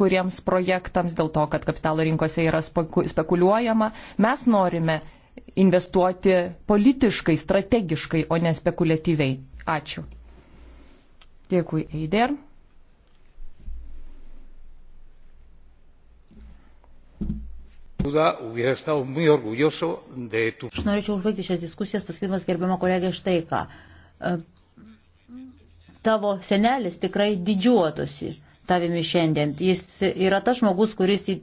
kuriems projektams, dėl to, kad kapitalo rinkose yra spekuliuojama. Mes norime investuoti politiškai, strategiškai, o ne spekuliatyviai. Ačiū. Dėkui, Eider. Aš norėčiau užbaigti šias diskusijas, pasakydamas gerbiamą kolegę štai ką. E, tavo senelis tikrai didžiuotųsi tavimi šiandien. Jis yra tas žmogus, kuris į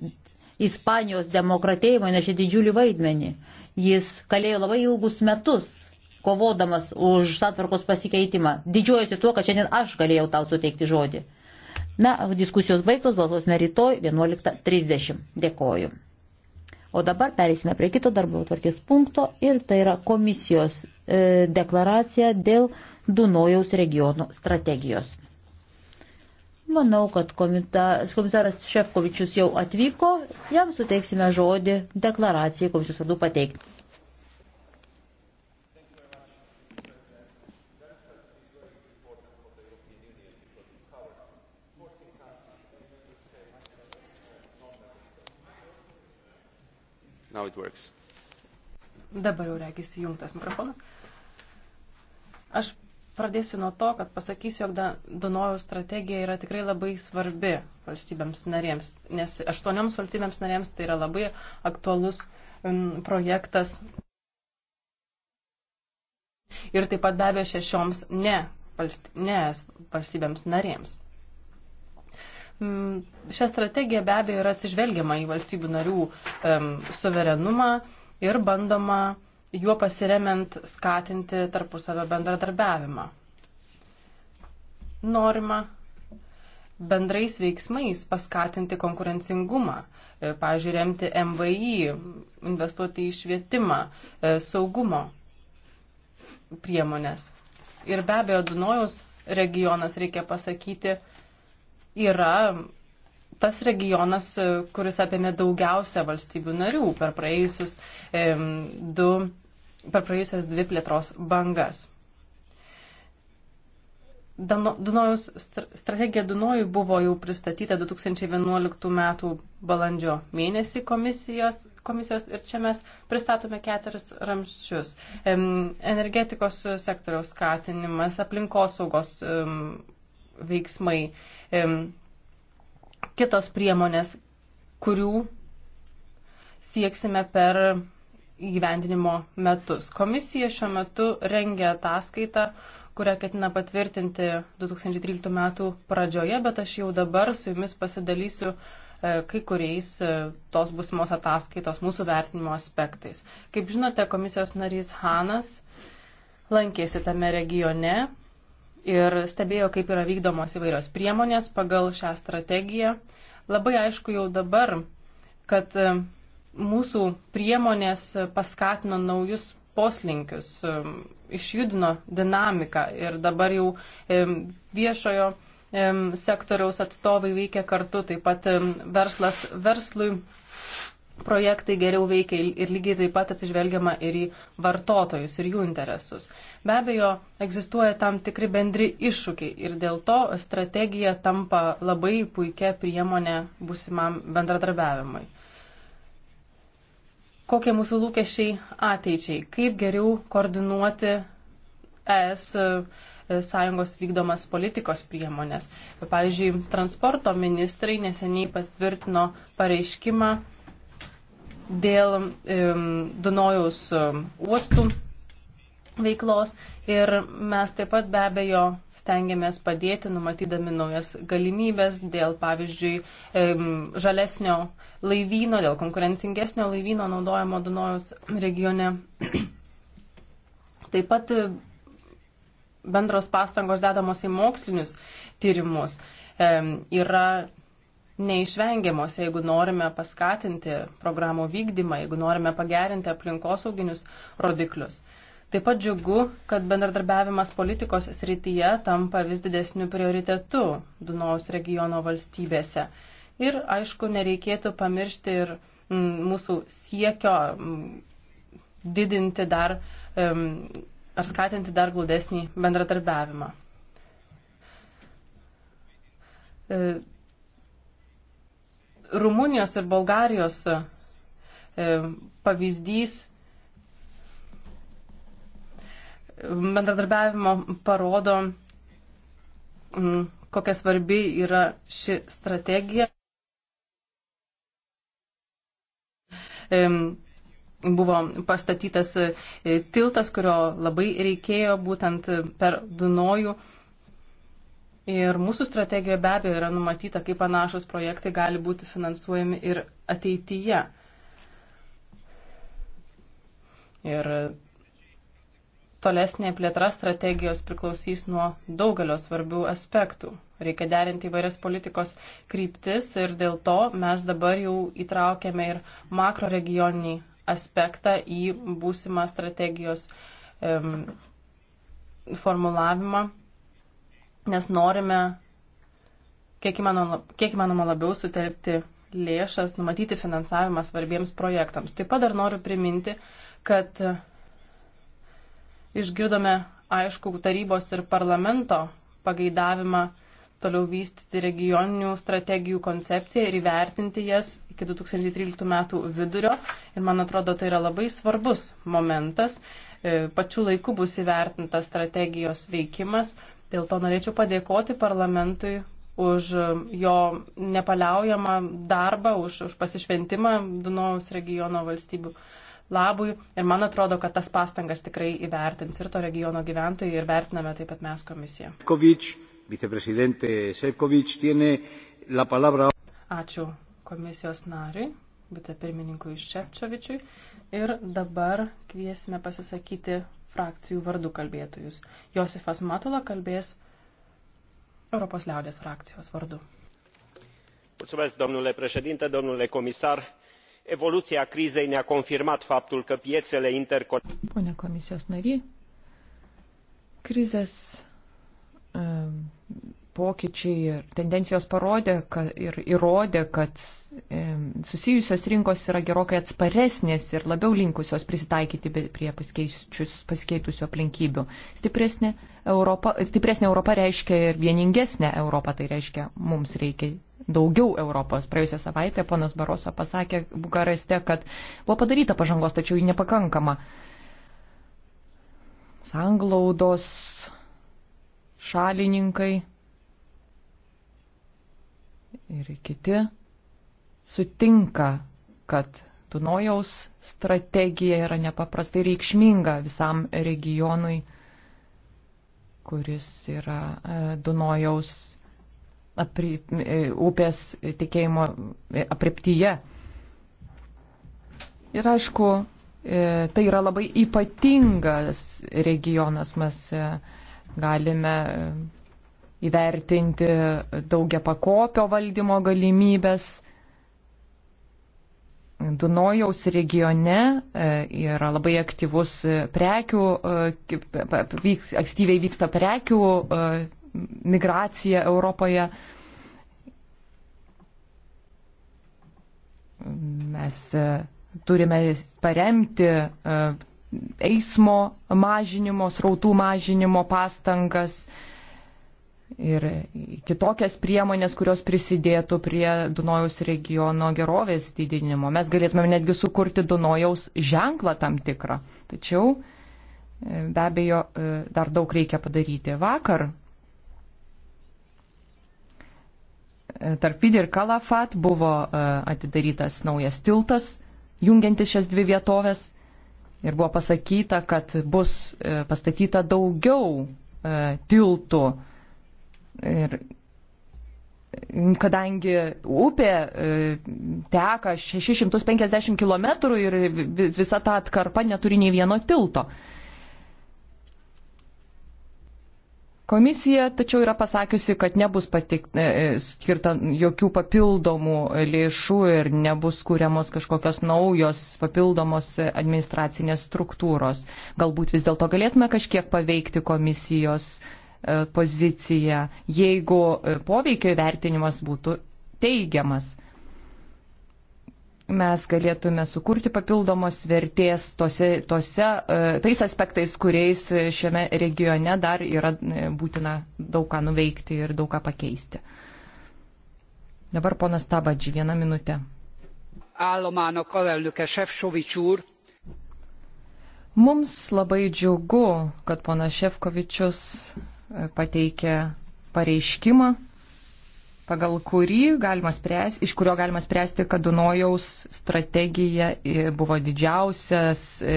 Ispanijos demokratėjimą nešė didžiulį vaidmenį. Jis kalėjo labai ilgus metus kovodamas už santvarkos pasikeitimą. Didžiuojasi tuo, kad šiandien aš galėjau tau suteikti žodį. Na, diskusijos baigtos, balsuosime rytoj 11.30. Dėkoju. O dabar perėsime prie kito darbo tvarkės punkto ir tai yra komisijos e, deklaracija dėl Dunojaus regiono strategijos. Manau, kad komitas, komisaras Šefkovičius jau atvyko, jam suteiksime žodį deklaracijai komisijos vardu pateikti. Dabar jau reikia įsijungtas mikrofonas. Aš Pradėsiu nuo to, kad pasakysiu, jog Dunojaus strategija yra tikrai labai svarbi valstybėms narėms, nes aštuonioms valstybėms narėms tai yra labai aktualus um, projektas. Ir taip pat be abejo šešioms ne, valst, ne valstybėms narėms. Šią strategiją be abejo yra atsižvelgiama į valstybių narių um, suverenumą ir bandoma uh, juo pasiremiant skatinti tarpusavio bendradarbiavimą. Norima bendrais veiksmais paskatinti konkurencingumą, e, pavyzdžiui, remti MVI, investuoti į švietimą, e, saugumo priemonės. Ir be abejo, Dunojaus regionas, reikia pasakyti, yra tas regionas, e, kuris apėmė daugiausia valstybių narių per, praėjusius, e, du, per praėjusias dvi plėtros bangas. Dunojus, strategija Dunojui buvo jau pristatyta 2011 m. balandžio mėnesį komisijos, komisijos ir čia mes pristatome keturis ramščius. Energetikos sektoriaus skatinimas, aplinkosaugos veiksmai, kitos priemonės, kurių sieksime per įgyvendinimo metus. Komisija šiuo metu rengia ataskaitą, kurią ketina patvirtinti 2013 metų pradžioje, bet aš jau dabar su jumis pasidalysiu e, kai kuriais e, tos būsimos ataskaitos mūsų vertinimo aspektais. Kaip žinote, komisijos narys Hanas lankėsi tame regione ir stebėjo, kaip yra vykdomos įvairios priemonės pagal šią strategiją. Labai aišku jau dabar, kad e, mūsų priemonės paskatino naujus poslinkius, e, išjudino dinamiką ir dabar jau e, viešojo sektoriaus atstovai veikia kartu, taip pat verslas verslui projektai geriau veikia ir lygiai taip pat atsižvelgiama ir į vartotojus ir jų interesus. Be abejo, egzistuoja tam tikri bendri iššūkiai ir dėl to strategija tampa labai puikia priemonė busimam bendradarbiavimui. Kokie mūsų lūkesčiai ateičiai? Kaip geriau koordinuoti ES e, sąjungos vykdomas politikos priemonės? Pavyzdžiui, transporto ministrai neseniai patvirtino pareiškimą dėl Dunojaus uostų veiklos ir mes taip pat be abejo stengiamės padėti, numatydami naujas galimybės dėl, pavyzdžiui, žalesnio laivyno, dėl konkurencingesnio laivyno naudojimo Dunojaus regione. Taip pat bendros pastangos dedamos į mokslinius tyrimus. Yra neišvengiamos, jeigu norime paskatinti programų vykdymą, jeigu norime pagerinti aplinkosauginius rodiklius. Taip pat džiugu, kad bendradarbiavimas politikos srityje tampa vis didesniu prioritetu Dunaus regiono valstybėse. Ir aišku, nereikėtų pamiršti ir mūsų siekio didinti dar ar skatinti dar glaudesnį bendradarbiavimą. E, Rumunijos ir Bulgarijos e, pavyzdys bendradarbiavimo parodo, mm, kokia svarbi yra ši strategija. Buvo pastatytas e, tiltas, kurio labai reikėjo būtent per Dunojų Ir mūsų strategijoje be abejo yra numatyta, kaip panašus projektai gali būti finansuojami ir ateityje. Ir tolesnė plėtra strategijos priklausys nuo daugelio svarbių aspektų. Reikia derinti įvairias politikos kryptis ir dėl to mes dabar jau įtraukėme ir makro regioninį aspektą į būsimą strategijos um, formulavimą nes norime kiek įmanoma, kiek įmanoma labiau sutelkti lėšas, numatyti finansavimą svarbiems projektams. Taip pat dar noriu priminti, kad išgirdome aišku tarybos ir parlamento pageidavimą toliau vystyti regioninių strategijų koncepciją ir įvertinti jas iki 2013 metų vidurio. Ir man atrodo, tai yra labai svarbus momentas. E, pačiu laiku bus įvertintas strategijos veikimas, Dėl to norėčiau padėkoti parlamentui už jo nepaliaujamą darbą, už, už pasišventimą Dunojaus regiono valstybių labui. Ir man atrodo, kad tas pastangas tikrai įvertins ir to regiono gyventojai ir vertiname taip pat mes komisiją. Kovič, viceprezidentė Sefkovič, tiene la palabra. Ačiū komisijos nariui, vicepirmininkui Šepčiovičiui. Ir dabar kviesime pasisakyti frakcijų vardų kalbėtojus. Josifas Matula kalbės Europos liaudės frakcijos vardu. Mulțumesc, domnule președinte, domnule comisar. Evoluția crizei ne-a confirmat faptul că piețele interconectate. Pone komisijos nary, krizės um, uh, pokyčiai ir tendencijos parodė kad, ir įrodė, kad e, susijusios rinkos yra gerokai atsparesnės ir labiau linkusios prisitaikyti prie pasikeitusių aplinkybių. Stipresnė Europa, stipresnė Europa reiškia ir vieningesnė Europa, tai reiškia mums reikia daugiau Europos. Praėjusią savaitę ponas Baroso pasakė Bukareste, kad buvo padaryta pažangos, tačiau ji nepakankama. Sanglaudos šalininkai ir kiti sutinka, kad Dunojaus strategija yra nepaprastai reikšminga visam regionui, kuris yra e, Dunojaus apri, e, upės tikėjimo e, apriptyje. Ir aišku, tai yra labai ypatingas regionas, mes galime įvertinti daugia pakopio valdymo galimybės. Dunojaus regione e, yra labai aktyvus e, prekių, e, aktyviai vyksta prekių migracija Europoje. Mes turime paremti eismo mažinimo, srautų mažinimo pastangas, ir kitokias priemonės, kurios prisidėtų prie Dunojaus regiono gerovės didinimo. Mes galėtume netgi sukurti Dunojaus ženklą tam tikrą. Tačiau e, be abejo e, dar daug reikia padaryti. Vakar e, tarp Fidi ir Kalafat buvo atidarytas naujas tiltas, jungiantis šias dvi vietovės. Ir buvo pasakyta, kad bus pastatyta daugiau tiltų Ir kadangi upė e, teka 650 km ir visa ta atkarpa neturi nei vieno tilto. Komisija tačiau yra pasakiusi, kad nebus patik, e, e, skirta jokių papildomų lėšų ir nebus kūriamos kažkokios naujos papildomos administracinės struktūros. Galbūt vis dėlto galėtume kažkiek paveikti komisijos uh, E, poziciją, jeigu e, poveikio įvertinimas būtų teigiamas. Mes galėtume sukurti papildomos vertės tose, tose, e, tais aspektais, kuriais šiame regione dar yra būtina daug ką nuveikti ir daug ką pakeisti. Dabar ponas Tabadži, vieną minutę. Állomának alelnöke Sefcovics úr Mums labai džiugu, kad ponas Šefkovičius pateikė pareiškimą, pagal kurį galima spręsti, iš kurio galima spręsti, kad Dunojaus strategija e, buvo didžiausias, e,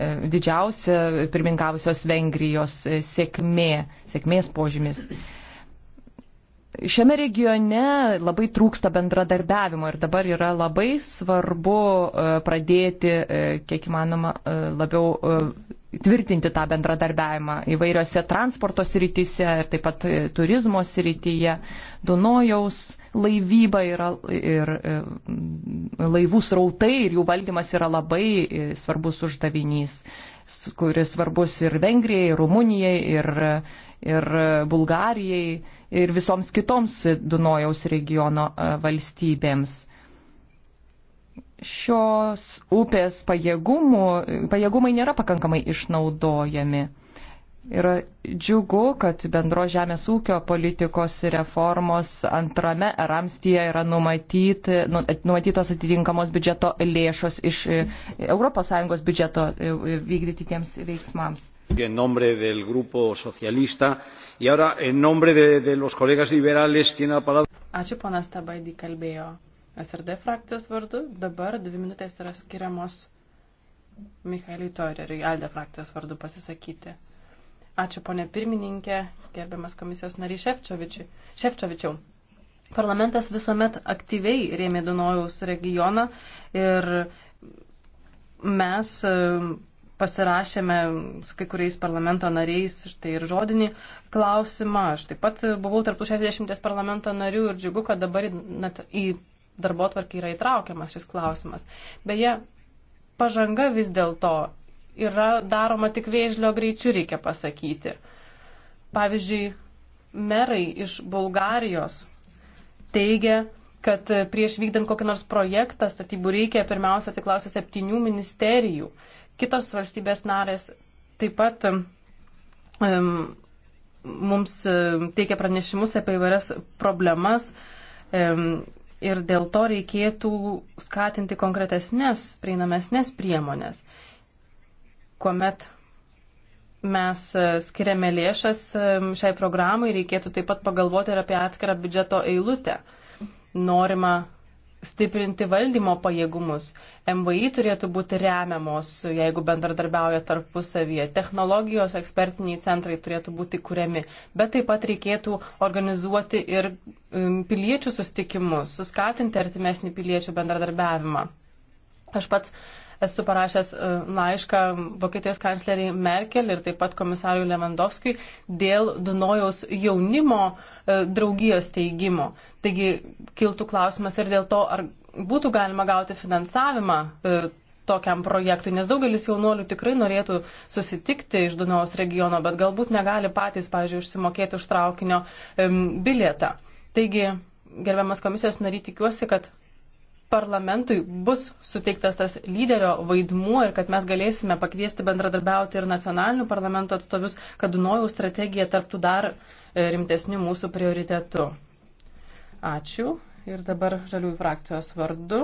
e, didžiausia pirmingavusios Vengrijos sėkmė, sėkmės požymis. Šiame regione labai trūksta bendradarbiavimo ir dabar yra labai svarbu pradėti, kiek įmanoma, labiau tvirtinti tą bendradarbiavimą įvairiose transporto srityse ir taip pat e, turizmo srityje. Dunojaus laivyba yra ir e, laivų srautai ir jų valdymas yra labai e, svarbus uždavinys, kuris svarbus ir Vengrijai, ir Rumunijai, ir, ir Bulgarijai, ir visoms kitoms Dunojaus regiono valstybėms šios upės pajėgumų, pajėgumai nėra pakankamai išnaudojami. Ir džiugu, kad bendro žemės ūkio politikos reformos antrame ramstyje yra numatyti, nu, numatytos atitinkamos biudžeto lėšos iš e, ES biudžeto e, vykdyti tiems veiksmams. En nombre del grupo socialista y ahora en nombre de, de los colegas liberales tiene la palabra. Ačiū, ponas Tabaidį kalbėjo SRD frakcijos vardu. Dabar dvi minutės yra skiriamos Michaeliui Toreriui, Alde frakcijos vardu pasisakyti. Ačiū ponė pirmininkė, gerbiamas komisijos narys Šefčiovičiau. Parlamentas visuomet aktyviai rėmė Dunojaus regioną ir mes e, pasirašėme su kai kuriais parlamento nariais štai ir žodinį klausimą. Aš taip pat buvau tarptų 60 parlamento narių ir džiugu, kad dabar į darbo tvarkai yra įtraukiamas šis klausimas. Beje, pažanga vis dėlto yra daroma tik vėžlio greičiu, reikia pasakyti. Pavyzdžiui, merai iš Bulgarijos teigia, kad prieš vykdant kokį nors projektą statybų reikia pirmiausia atsiklausti septynių ministerijų. Kitos valstybės narės taip pat um, mums teikia pranešimus apie įvairias problemas, um, ir dėl to reikėtų skatinti konkretesnės, prieinamesnės priemonės, kuomet mes e, skiriame lėšas e, šiai programai, reikėtų taip pat pagalvoti ir apie atskirą biudžeto eilutę. Norima stiprinti valdymo pajėgumus. MVI turėtų būti remiamos, jeigu bendradarbiauja tarpusavyje. Technologijos ekspertiniai centrai turėtų būti kuriami. Bet taip pat reikėtų organizuoti ir um, piliečių sustikimus, suskatinti artimesnį piliečių bendradarbiavimą. Aš pats Esu parašęs e, laišką Vokietijos kancleriai Merkel ir taip pat komisariui Lewandowskiui dėl Dunojaus jaunimo e, draugijos teigimo. Taigi kiltų klausimas ir dėl to, ar būtų galima gauti finansavimą e, tokiam projektui, nes daugelis jaunuolių tikrai norėtų susitikti iš Dunaus regiono, bet galbūt negali patys, pavyzdžiui, užsimokėti už traukinio um, bilietą. Taigi, gerbiamas komisijos nary, tikiuosi, kad parlamentui bus suteiktas tas lyderio vaidmuo ir kad mes galėsime pakviesti bendradarbiauti ir nacionalinių parlamento atstovius, kad Dunojaus strategija tarptų dar e, rimtesnių mūsų prioritetų. Ačiū. Ir dabar žaliųjų frakcijos vardu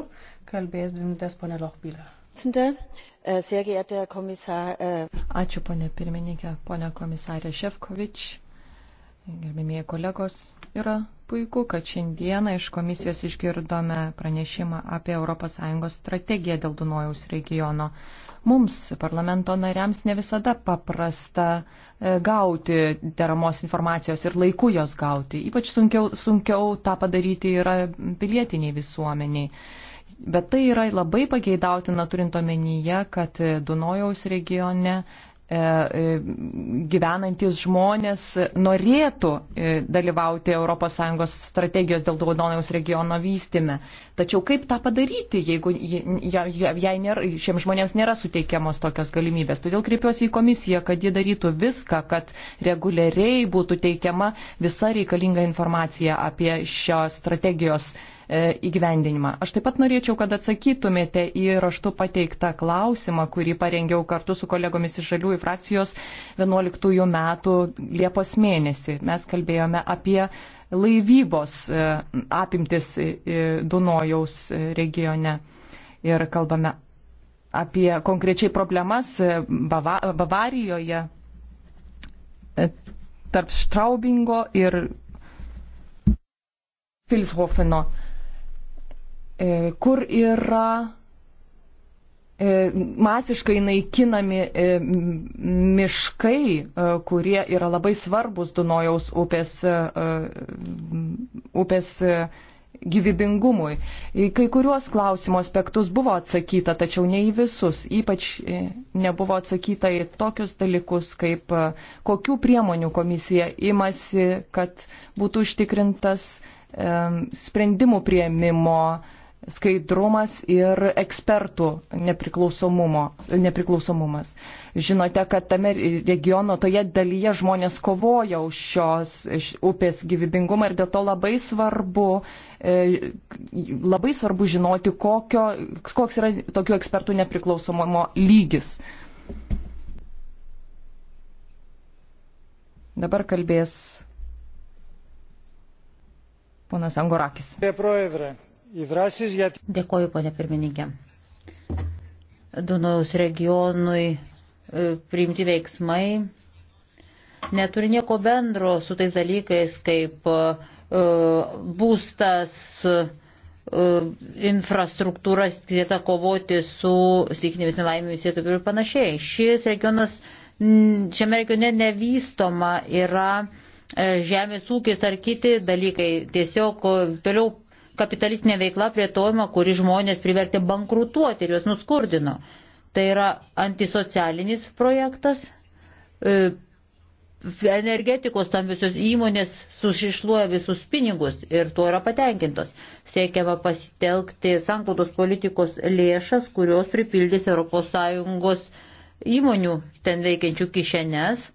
kalbės dvi minutės ponė Lochbilė. E, e, Ačiū ponė pirmininkė, ponė komisarė Šefkovič, gerbėmėjai kolegos, yra Puiku, kad šiandieną iš komisijos išgirdome pranešimą apie ES strategiją dėl Dunojaus regiono. Mums, parlamento nariams, ne visada paprasta e, gauti deramos informacijos ir laiku jos gauti. Ypač sunkiau, sunkiau tą padaryti yra pilietiniai visuomeniai. Bet tai yra labai pageidautina turint omenyje, kad Dunojaus regione E, e, gyvenantis žmonės norėtų e, dalyvauti ES strategijos dėl Daudonaus regiono vystime. Tačiau kaip tą padaryti, jeigu nėra, šiems žmonėms nėra suteikiamos tokios galimybės? Todėl kreipiuosi į komisiją, kad ji darytų viską, kad reguliariai būtų teikiama visa reikalinga informacija apie šios strategijos vystymą E, įgyvendinimą. Aš taip pat norėčiau, kad atsakytumėte į raštu pateiktą klausimą, kurį parengiau kartu su kolegomis iš Žaliųjų frakcijos 11 metų Liepos mėnesį. Mes kalbėjome apie laivybos e, apimtis e, Dunojaus regione ir kalbame apie konkrečiai problemas Bavarijoje tarp Štraubingo ir Filshofeno. E, kur yra e, masiškai naikinami e, miškai, kurie yra labai svarbus Dunojaus upės, upės gyvybingumui. Į kai kuriuos klausimo aspektus buvo atsakyta, tačiau ne į visus. Ypač nebuvo atsakyta į tokius dalykus, kaip kokių priemonių komisija imasi, kad būtų užtikrintas sprendimų prieimimo uh, skaidrumas ir ekspertų nepriklausomumas. Žinote, kad tame regiono toje dalyje žmonės kovoja už šios upės gyvybingumą ir dėl to labai svarbu, e, labai svarbu žinoti, kokio, koks yra tokių ekspertų nepriklausomumo lygis. Dabar kalbės ponas Angorakis. Dėproedrė. Dėkoju, ponė pirmininkė. Dunaus regionui e, priimti veiksmai neturi nieko bendro su tais dalykais kaip e, būstas, e, infrastruktūra skirta kovoti su sėkinėmis nelaimėmis ir panašiai. Šis regionas, šiame regione nevystoma yra žemės ūkis ar kiti dalykai. Tiesiog toliau kapitalistinė veikla plėtojama, kuri žmonės privertė bankrutuoti ir juos nuskurdino. Tai yra antisocialinis projektas, e, energetikos stambiusios įmonės sušišluoja visus pinigus ir tuo yra patenkintos. Siekiama pasitelkti sanklaudos politikos lėšas, kurios pripildys ES įmonių ten veikiančių kišenes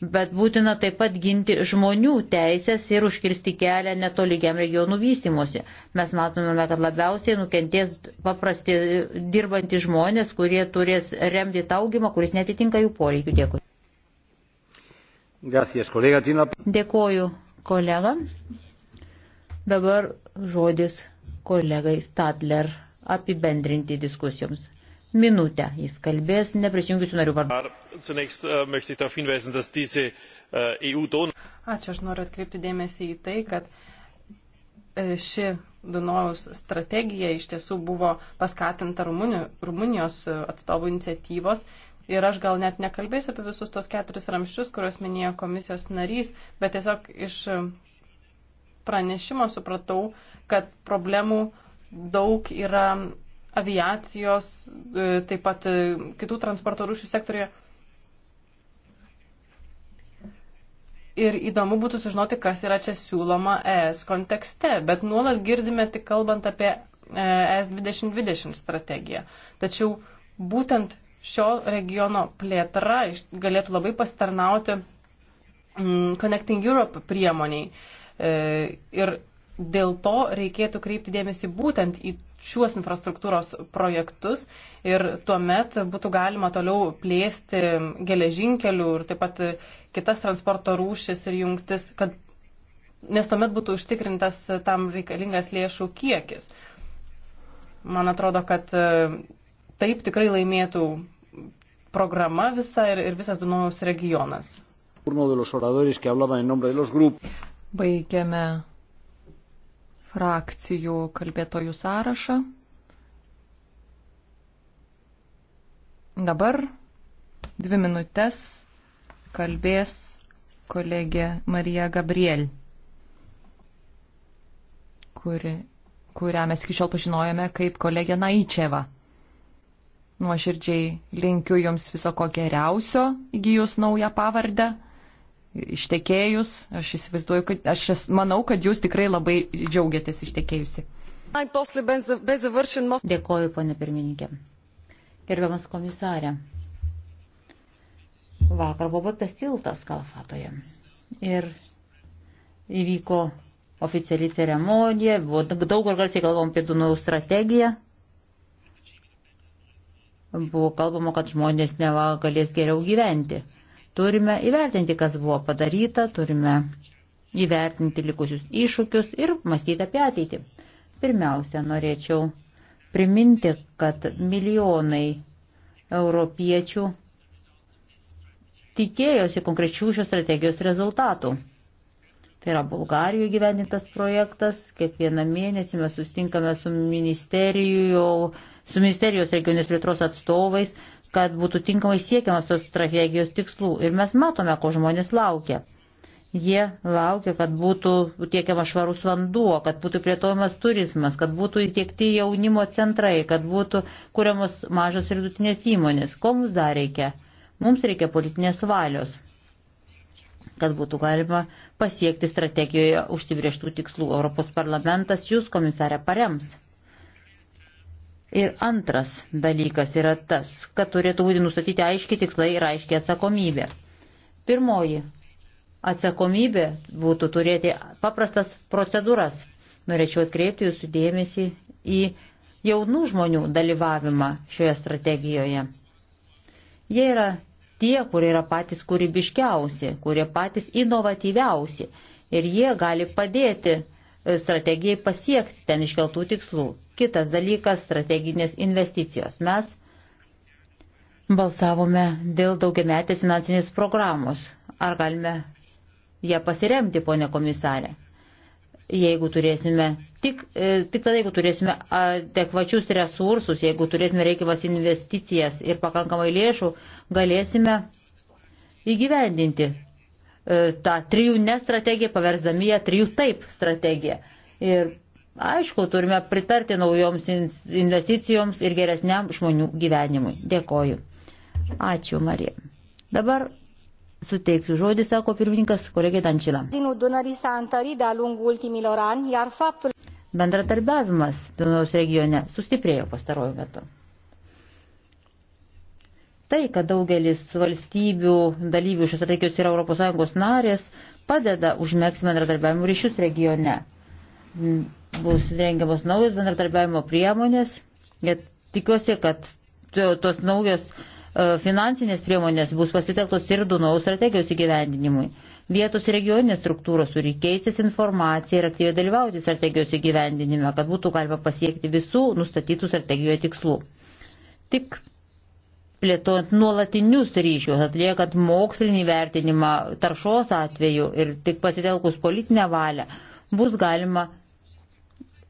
bet būtina taip pat ginti žmonių teisės ir užkirsti kelią netolygiam regionų vystimuose. Mes matome, kad labiausiai nukentės paprasti dirbantys žmonės, kurie turės remti tą augimą, kuris netitinka jų poreikių. Dėkui. Gracias, kolega Gina. Dėkoju, kolega. Dabar žodis kolegai Stadler apibendrinti diskusijoms minutę. Jis kalbės neprisijungusių narių vardu. Äh, äh, e Ačiū, aš noriu atkreipti dėmesį į tai, kad e, ši Dunojaus strategija iš tiesų buvo paskatinta Rumunijos e, atstovų iniciatyvos. Ir aš gal net nekalbėsiu apie visus tos keturis ramščius, kuriuos minėjo komisijos narys, bet tiesiog iš pranešimo supratau, kad problemų daug yra aviacijos, e, taip pat e, kitų transporto rūšių sektorėje. Ir įdomu būtų sužinoti, kas yra čia siūloma ES kontekste, bet nuolat girdime tik kalbant apie ES e 2020 strategiją. Tačiau būtent šio regiono plėtra galėtų labai pasitarnauti mm, Connecting Europe priemoniai. Ir dėl to reikėtų kreipti dėmesį būtent į šiuos infrastruktūros projektus ir tuomet būtų galima toliau plėsti geležinkelių ir taip pat kitas transporto rūšis ir jungtis, kad, nes tuomet būtų užtikrintas tam reikalingas lėšų kiekis. Man atrodo, kad e, taip tikrai laimėtų programa visa ir, ir visas Dunojaus regionas. Baigėme frakcijų kalbėtojų sąrašą. Dabar dvi minutės kalbės kolegė Marija Gabriel, kuri, kurią mes iki šiol pažinojome kaip kolegė Naičeva. Nuoširdžiai linkiu Jums viso ko geriausio įgyjus naują pavardę ištekėjus. Aš įsivaizduoju, kad aš manau, kad jūs tikrai labai džiaugiatės ištekėjusi. Dėkoju, ponė pirmininkė. Gerbiamas komisarė. Vakar buvo baigtas tiltas Kalfatoje. Ir įvyko oficiali ceremonija, buvo daug kur garsiai kalbam apie Dunojų strategiją. Buvo kalbama, kad žmonės neva galės geriau gyventi. Turime įvertinti, kas buvo padaryta, turime įvertinti likusius iššūkius ir mąstyti apie ateitį. Pirmiausia, norėčiau priminti, kad milijonai europiečių tikėjosi konkrečių šios strategijos rezultatų. Tai yra Bulgarijoje gyvenintas projektas, kiekvieną mėnesį mes sustinkame su, su ministerijos regionės plėtros atstovais, kad būtų tinkamai siekiamas tos strategijos tikslų. Ir mes matome, ko žmonės laukia. Jie laukia, kad būtų tiekiamas švarus vanduo, kad būtų plėtojamas turizmas, kad būtų įtiekti jaunimo centrai, kad būtų kuriamos mažos ir vidutinės įmonės. Ko mums dar reikia? Mums reikia politinės valios, kad būtų galima pasiekti strategijoje užsibrieštų tikslų. Europos parlamentas jūs, komisarė, parems. Ir antras dalykas yra tas, kad turėtų būti nustatyti aiškiai tikslai ir aiškiai atsakomybė. Pirmoji atsakomybė būtų turėti paprastas procedūras. Norėčiau atkreipti jūsų dėmesį į jaunų žmonių dalyvavimą šioje strategijoje. Jie yra tie, kurie yra patys kūrybiškiausi, kurie patys inovatyviausi ir jie gali padėti e, strategijai pasiekti ten iškeltų tikslų. Kitas dalykas - strateginės investicijos. Mes balsavome dėl daugiametės finansinės programos. Ar galime ją pasiremti, ponė komisarė? Jeigu turėsime, tik, e, tik tada, jeigu turėsime adekvačius resursus, jeigu turėsime reikiamas investicijas ir pakankamai lėšų, galėsime įgyvendinti e, tą trijų nestrategiją, paversdami ją trijų taip strategiją. Ir Aišku, turime pritarti naujoms investicijoms ir geresniam žmonių gyvenimui. Dėkoju. Ačiū, Marija. Dabar suteiksiu žodį, sako pirmininkas kolegė Dančila. Bendratarbiavimas Dunaus regione sustiprėjo pastarojų metu. Tai, kad daugelis valstybių dalyvių šios strategijos yra ES narės, padeda užmėgsti bendradarbiavimo ryšius regione bus rengiamos naujos bendradarbiavimo priemonės. Ir tikiuosi, kad tos naujos e, finansinės priemonės bus pasitelktos ir Dunaus strategijos įgyvendinimui. Vietos regioninės struktūros turi keistis informaciją ir aktyviai dalyvauti strategijos įgyvendinime, kad būtų galima pasiekti visų nustatytų strategijoje tikslų. Tik plėtojant nuolatinius ryšius, atliekant mokslinį vertinimą taršos atveju ir tik pasitelkus politinę valią, bus galima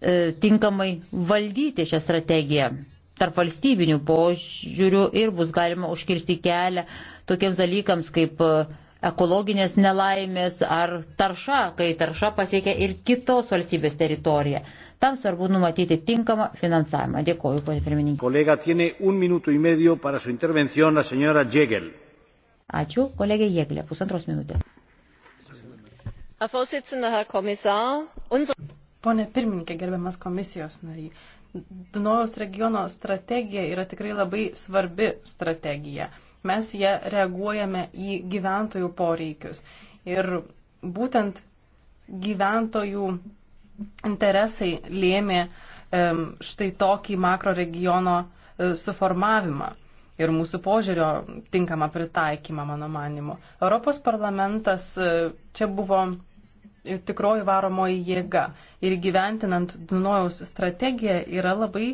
E, tinkamai valdyti šią strategiją. Tarp valstybinių požiūrių ir bus galima užkirsti kelią tokiems dalykams kaip e, ekologinės nelaimės ar tarša, kai tarša pasiekia ir kitos valstybės teritoriją. Tam svarbu numatyti tinkamą finansavimą. Dėkoju, ponė pirmininkė. Kolega, tiene un minuto y medio para su intervención la señora Jegel. Ačiū, kolegė Jėglė, pusantros minutės. Pone pirmininkė, gerbiamas komisijos nariai, Dunojaus regiono strategija yra tikrai labai svarbi strategija. Mes ją reaguojame į gyventojų poreikius. Ir būtent gyventojų interesai lėmė štai tokį makro regiono e, suformavimą ir mūsų požiūrio tinkamą pritaikymą, mano manimu. Europos parlamentas e, čia buvo tikroji varomoji jėga. Ir gyventinant Dunojaus strategiją yra labai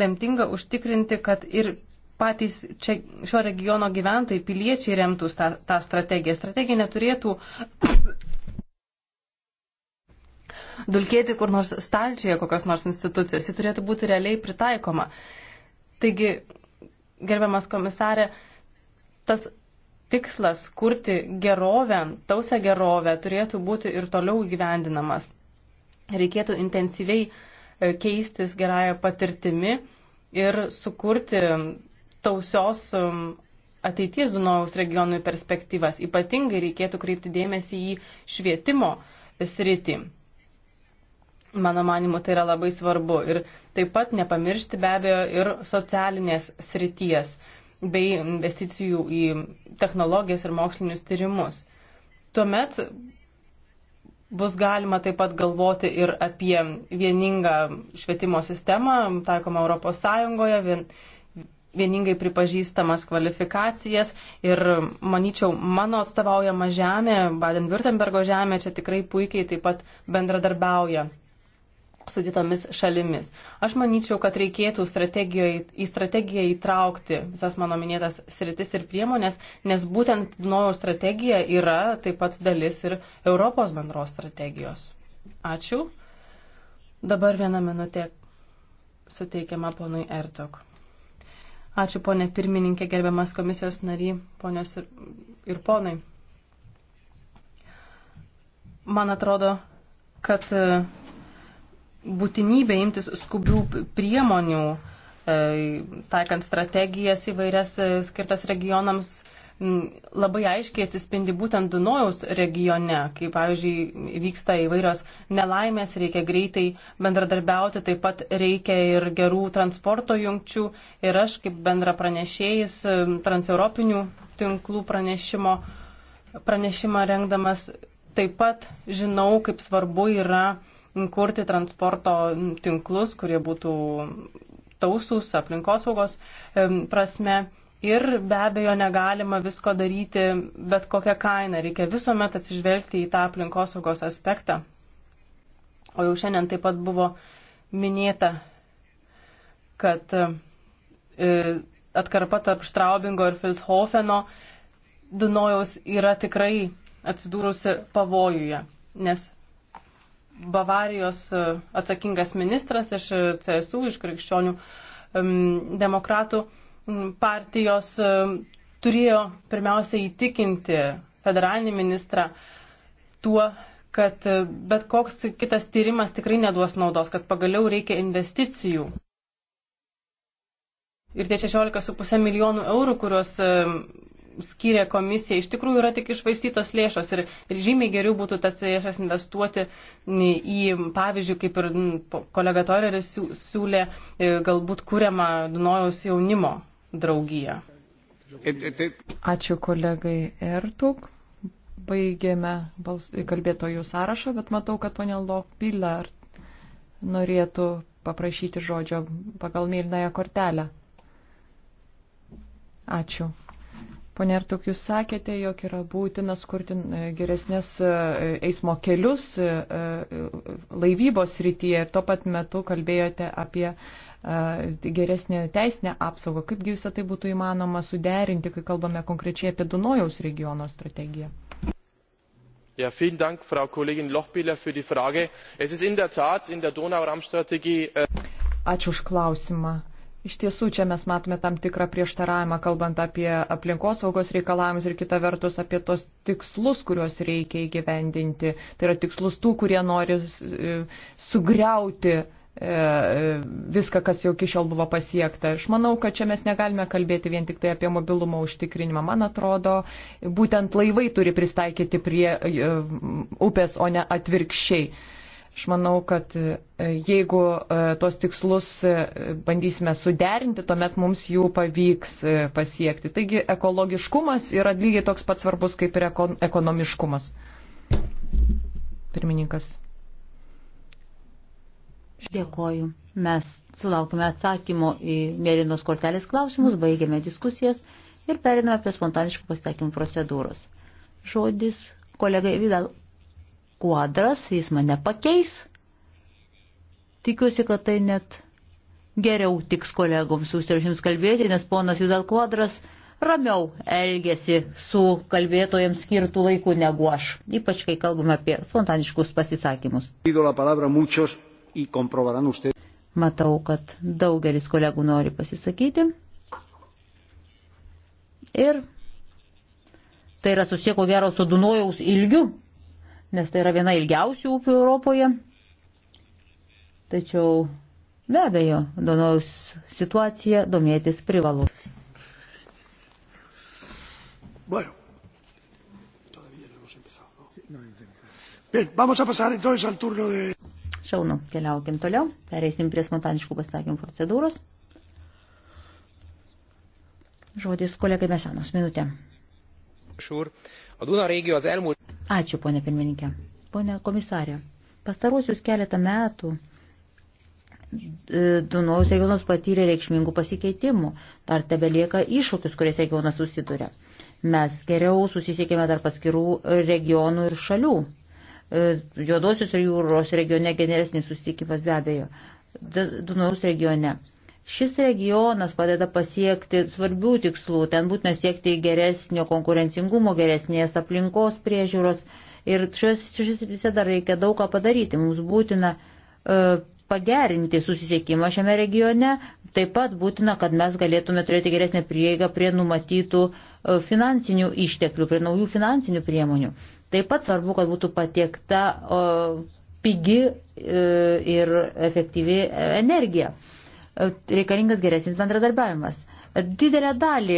lemtinga užtikrinti, kad ir patys čia, šio regiono gyventojai, piliečiai remtų tą, tą strategiją. Strategija neturėtų dulkėti kur nors stalčiuje kokios nors institucijos. Ji turėtų būti realiai pritaikoma. Taigi, gerbiamas komisarė, tas tikslas kurti gerovę, tausią gerovę turėtų būti ir toliau gyvendinamas. Reikėtų intensyviai e, keistis gerąją patirtimi ir sukurti tausios um, ateities Dunojaus regionui perspektyvas. Ypatingai reikėtų kreipti dėmesį į švietimo sritį. Mano manimu, tai yra labai svarbu. Ir taip pat nepamiršti be abejo ir socialinės srities. Uh, bei investicijų į technologijas ir mokslinius tyrimus. Tuomet bus galima taip pat galvoti ir apie vieningą švietimo sistemą, taikomą Europos Sąjungoje, vien, vieningai pripažįstamas kvalifikacijas ir, manyčiau, mano atstovaujama žemė, Baden-Württembergo žemė, čia tikrai puikiai taip pat bendradarbiauja su kitomis šalimis. Aš manyčiau, kad reikėtų į strategiją įtraukti visas mano minėtas sritis ir priemonės, nes būtent Dunojaus strategija yra taip pat dalis ir Europos bendros strategijos. Ačiū. Dabar vieną minutę suteikiama ponui Ertok. Ačiū ponė pirmininkė, gerbiamas komisijos nary, ponios ir, ir ponai. Man atrodo, kad būtinybė imtis skubių priemonių, e, taikant strategijas įvairias e, skirtas regionams, labai aiškiai atsispindi būtent Dunojaus regione, kai, pavyzdžiui, vyksta įvairios nelaimės, reikia greitai bendradarbiauti, taip pat reikia ir gerų transporto jungčių. Ir aš, kaip bendra pranešėjas, e, transeuropinių tinklų pranešimo, pranešimą rengdamas, taip pat žinau, kaip svarbu yra kurti transporto tinklus, kurie būtų tausūs aplinkosaugos prasme. Ir be abejo negalima visko daryti bet kokią kainą. Reikia visuomet atsižvelgti į tą aplinkosaugos aspektą. O jau šiandien taip pat buvo minėta, kad e, atkarpa tarp Straubingo ir Filshofeno Dunojaus yra tikrai atsidūrusi pavojuje, nes Bavarijos e, atsakingas ministras iš e, CSU, iš krikščionių demokratų partijos e, turėjo pirmiausia įtikinti federalinį ministrą tuo, kad bet koks kitas tyrimas tikrai neduos naudos, kad pagaliau reikia investicijų. Ir tie 16,5 milijonų eurų, kuriuos skiria komisija, iš tikrųjų yra tik išvaistytos lėšos ir, ir žymiai geriau būtų tas lėšas investuoti į, pavyzdžiui, kaip ir kolega Toreris siūlė, e, galbūt kūriamą Dunojaus jaunimo draugiją. Ačiū kolegai Ertuk. Baigėme bals... kalbėtojų sąrašą, bet matau, kad ponia Lokpilar norėtų paprašyti žodžio pagal mėlynąją kortelę. Ačiū. Pone Artuk, jūs sakėte, jog yra būtina skurti e, geresnės e, eismo kelius e, laivybos rytyje ir tuo pat metu kalbėjote apie geresnė teisinė apsauga. Kaipgi visą tai būtų įmanoma suderinti, kai kalbame konkrečiai apie Dunojaus regiono strategiją? Ja, vielen Dank, Frau Kollegin Lochbiller, für die Frage. Es ist in der Tat in der Donau-Raum-Strategie. Äh Ačiū už klausimą. Iš tiesų, čia mes matome tam tikrą prieštaravimą, kalbant apie aplinkosaugos reikalavimus ir kita vertus apie tos tikslus, kuriuos reikia įgyvendinti. Tai yra tikslus tų, kurie nori e, sugriauti e, e, viską, kas jau iki šiol buvo pasiekta. Aš manau, kad čia mes negalime kalbėti vien tik tai apie mobilumo užtikrinimą. Man atrodo, būtent laivai turi pristaikyti prie upės, o ne atvirkščiai. Aš manau, kad e, jeigu e, tos tikslus e, bandysime suderinti, tuomet mums jų pavyks pasiekti. Taigi ekologiškumas yra lygiai toks pats svarbus kaip ir ekonomiškumas. Pirmininkas. Dėkoju. Mes sulaukime atsakymo į mėlynos kortelės klausimus, baigėme diskusijas ir periname prie spontaniškų pasiekimų procedūros. Žodis kolegai Vidal kuadras, jis mane pakeis. Tikiuosi, kad tai net geriau tiks kolegoms užsirašyms kalbėti, nes ponas Judal Kuadras ramiau elgesi su kalbėtojams skirtų laikų negu aš, ypač kai kalbame apie spontaniškus pasisakymus. Matau, kad daugelis kolegų nori pasisakyti. Ir tai yra susieko gero su Dunojaus ilgiu, nes tai yra viena ilgiausių upių Europoje. Tačiau be abejo, Donaus situacija domėtis privalu. Bueno. Bien, vamos a pasar entonces al turno de... Šaunu, keliaukim toliau, pereisim prie spontaniškų pasakymų procedūros. Žodis kolegai Mesanos minutė. Sure. A Duna régió az elmúlt Ačiū, ponė pirmininkė. Pone komisarė, pastarosius keletą metų e, Dunaus regionas patyrė reikšmingų pasikeitimų. Dar tebelieka iššūkius, kuriais regionas susiduria. Mes geriau susisiekėme tarp atskirų regionų ir šalių. E, Juodosios jūros regione generesnis susitikimas be abejo. Dunaus regione Šis regionas padeda pasiekti svarbių tikslų, ten būtina siekti geresnio konkurencingumo, geresnės aplinkos priežiūros ir šis visi dar reikia daug ką padaryti. Mums būtina e, pagerinti susisiekimą šiame regione, taip pat būtina, kad mes galėtume turėti geresnę prieigą prie numatytų e, finansinių išteklių, prie naujų finansinių priemonių. Taip pat svarbu, kad būtų patiekta e, pigi e, ir efektyvi e, energija. E, E, reikalingas geresnis bendradarbiavimas. Didelę dalį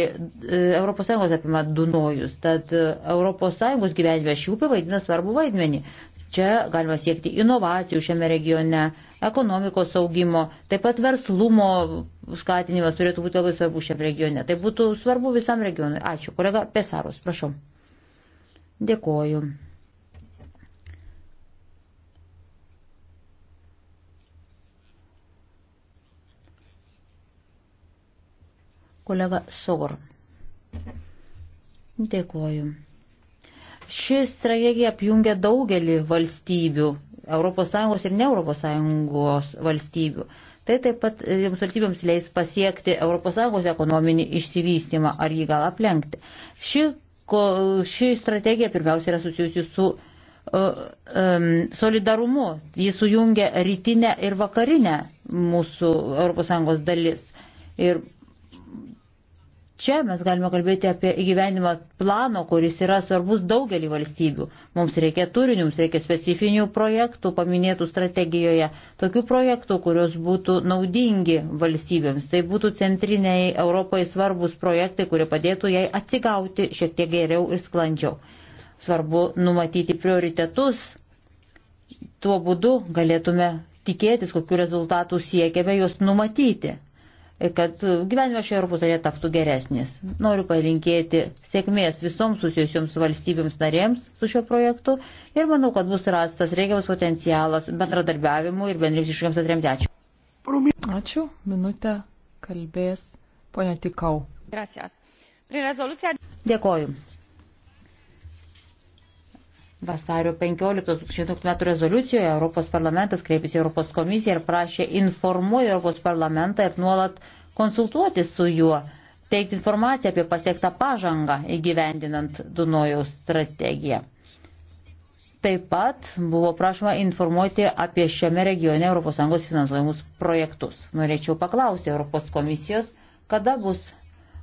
ES apima Dunojus, tad ES gyvenime šį upę vaidina svarbu vaidmenį. Čia galima siekti inovacijų šiame regione, ekonomikos augimo, taip pat verslumo skatinimas turėtų būti labai svarbu šiame regione. Tai būtų svarbu visam regionui. Ačiū. Kolega Pesaros, prašau. Dėkoju. kolega Sogor. Dėkuoju. Ši strategija apjungia daugelį valstybių, ES ir ne ES valstybių. Tai taip pat e, jums valstybėms leis pasiekti ES ekonominį išsivystymą ar jį gal aplenkti. Ši, ko, ši strategija pirmiausia yra susijusi su uh, um, solidarumu. Jis sujungia rytinę ir vakarinę mūsų ES dalis. Ir Čia mes galime kalbėti apie įgyvenimą plano, kuris yra svarbus daugelį valstybių. Mums reikia turinių, mums reikia specifinių projektų paminėtų strategijoje, tokių projektų, kurios būtų naudingi valstybėms. Tai būtų centriniai Europai svarbus projektai, kurie padėtų jai atsigauti šiek tiek geriau ir sklandžiau. Svarbu numatyti prioritetus, tuo būdu galėtume tikėtis, kokiu rezultatu siekiame juos numatyti kad gyvenimas šioje Europos dalyje taptų geresnis. Noriu palinkėti sėkmės visoms susijusioms valstybėms narėms su šiuo projektu ir manau, kad bus rastas reikiamas potencialas bendradarbiavimui ir bendriems iššūkiams atremti. Ačiū. Ačiū. Minutę kalbės ponia Tikau. Gracias. Prie rezoliuciją. Dėkoju. Vasario 15 metų rezoliucijoje Europos parlamentas kreipėsi Europos komisiją ir prašė informuoti Europos parlamentą ir nuolat konsultuoti su juo, teikti informaciją apie pasiektą pažangą įgyvendinant Dunojaus strategiją. Taip pat buvo prašoma informuoti apie šiame regione ES finansuojamus projektus. Norėčiau paklausti Europos komisijos, kada bus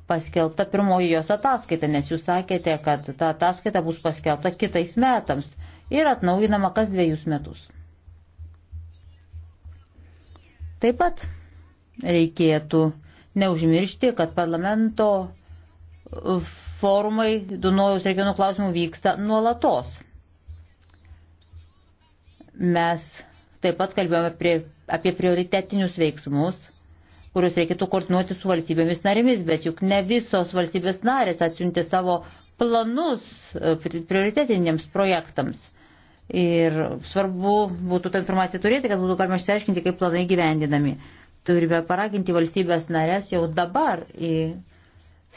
paskelbta pirmoji jos ataskaita, nes jūs sakėte, kad ta ataskaita bus paskelbta kitais metams ir atnaujinama kas dviejus metus. Taip pat reikėtų neužmiršti, kad parlamento forumai Dunojaus regionų klausimų vyksta nuolatos. Mes taip pat kalbėjome prie, apie prioritetinius veiksmus kuriuos reikėtų koordinuoti su valstybėmis narėmis, bet juk ne visos valstybės narės atsiuntė savo planus e, prioritetiniams projektams. Ir svarbu būtų tą informaciją turėti, kad būtų galima išsiaiškinti, kaip planai gyvendinami. Turime paraginti valstybės narės jau dabar į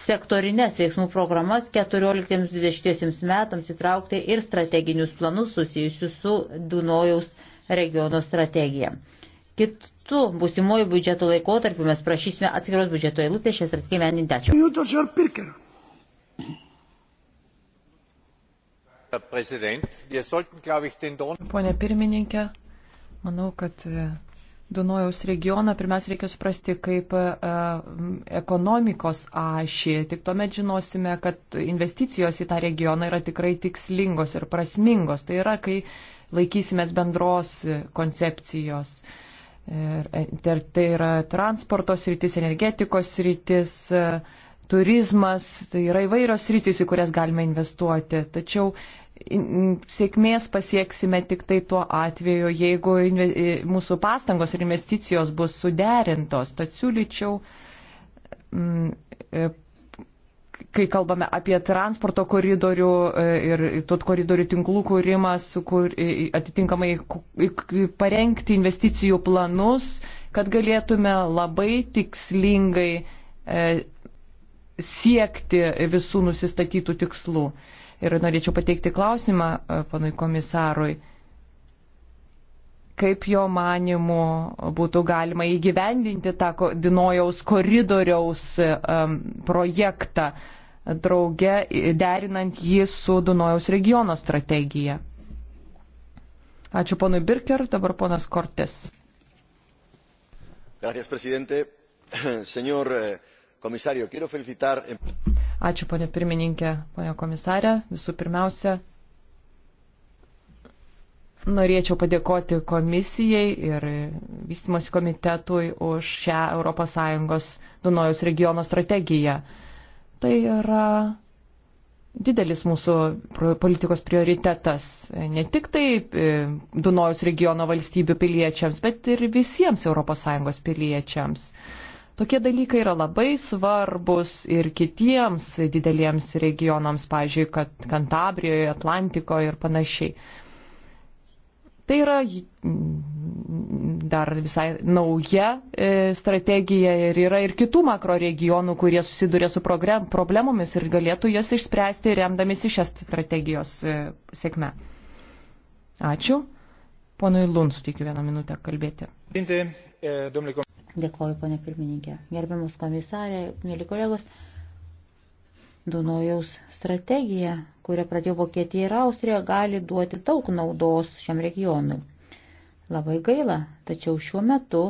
sektorinės veiksmų programas 14-20 metams įtraukti ir strateginius planus susijusius su Dunojaus regiono strategija. Kit, metu, būsimuoju biudžeto laikotarpiu, mes prašysime atskiros biudžeto eilutės šią strategiją meninti. Ačiū. Pone pirmininkė, manau, kad e, Dunojaus regioną pirmiausia reikia suprasti kaip e, ekonomikos ašį. Tik tuomet žinosime, kad investicijos į tą regioną yra tikrai tikslingos ir prasmingos. Tai yra, kai laikysimės bendros e, koncepcijos. Uh, Ir e, tai yra transporto sritis, energetikos sritis, e, turizmas, tai yra įvairios sritis, į kurias galime investuoti. Tačiau sėkmės pasieksime tik tai tuo atveju, jeigu e, mūsų pastangos ir investicijos bus suderintos. Tad siūlyčiau kai kalbame apie transporto koridorių e, ir tot koridorių tinklų kūrimą, kur e, atitinkamai e, parengti investicijų planus, kad galėtume labai tikslingai siekti visų nusistatytų tikslų. Ir norėčiau pateikti klausimą panui komisarui kaip jo manimu būtų galima įgyvendinti tą Dinojaus koridoriaus um, projektą, drauge derinant jį su Dunojaus regiono strategija. Ačiū ponui Birker, dabar ponas Kortis. Gracias, presidente. Señor komisario, eh, quiero felicitar. Ačiū, ponė pirmininkė, ponė komisarė. Visų pirmiausia, Norėčiau padėkoti komisijai ir vystimosi komitetui už šią ES Dunojaus regiono strategiją. Tai yra didelis mūsų politikos prioritetas ne tik tai e, Dunojaus regiono valstybių piliečiams, bet ir visiems ES piliečiams. Tokie dalykai yra labai svarbus ir kitiems dideliems regionams, pavyzdžiui, kad Kantabrijoje, Atlantikoje ir panašiai. Tai yra dar visai nauja e, strategija ir yra ir kitų makro regionų, kurie susiduria su problemomis ir galėtų jas išspręsti remdamėsi šias strategijos e, sėkme. Ačiū. Ponui Lun suteikiu vieną minutę kalbėti. Dėkuoju, ponė pirmininkė. Gerbiamas komisarė, mėly kolegos. Dunojaus strategija, kurią pradėjo Vokietija ir Austrija, gali duoti daug naudos šiam regionui. Labai gaila, tačiau šiuo metu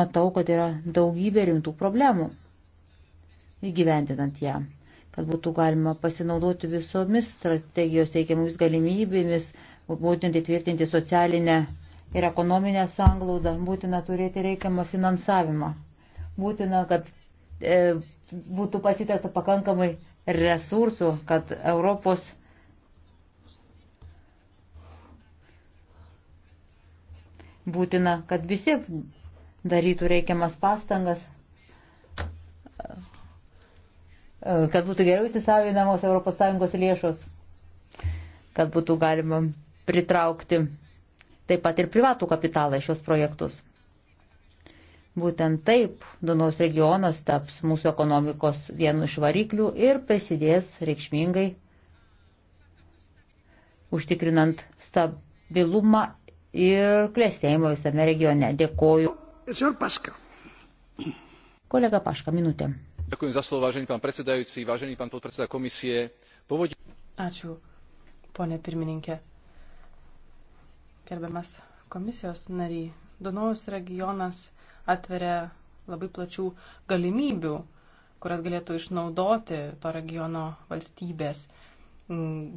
matau, kad yra daugybė rimtų problemų įgyvendinant ją, kad būtų galima pasinaudoti visomis strategijos teikiamomis galimybėmis, būtent įtvirtinti socialinę ir ekonominę sanglaudą, būtina turėti reikiamą finansavimą, būtina, kad e, būtų pasitekta pakankamai resursų, kad Europos būtina, kad visi darytų reikiamas pastangas, kad būtų geriau įsisavinamos ES lėšos, kad būtų galima pritraukti taip pat ir privatų kapitalą į šios projektus. Būtent taip Dunaus regionas taps mūsų ekonomikos vienu iš variklių ir prisidės reikšmingai užtikrinant stabilumą ir klėstėjimą visame regione. Dėkoju. Kolega Paška, minutė. Ďakujem za slovo, vážený pán predsedajúci, vážený pán podpredseda komisie. Povodí... Ačiū, ponė pirmininkė. Gerbiamas komisijos nariai, Dunaus regionas atveria labai plačių galimybių, kurias galėtų išnaudoti to regiono valstybės.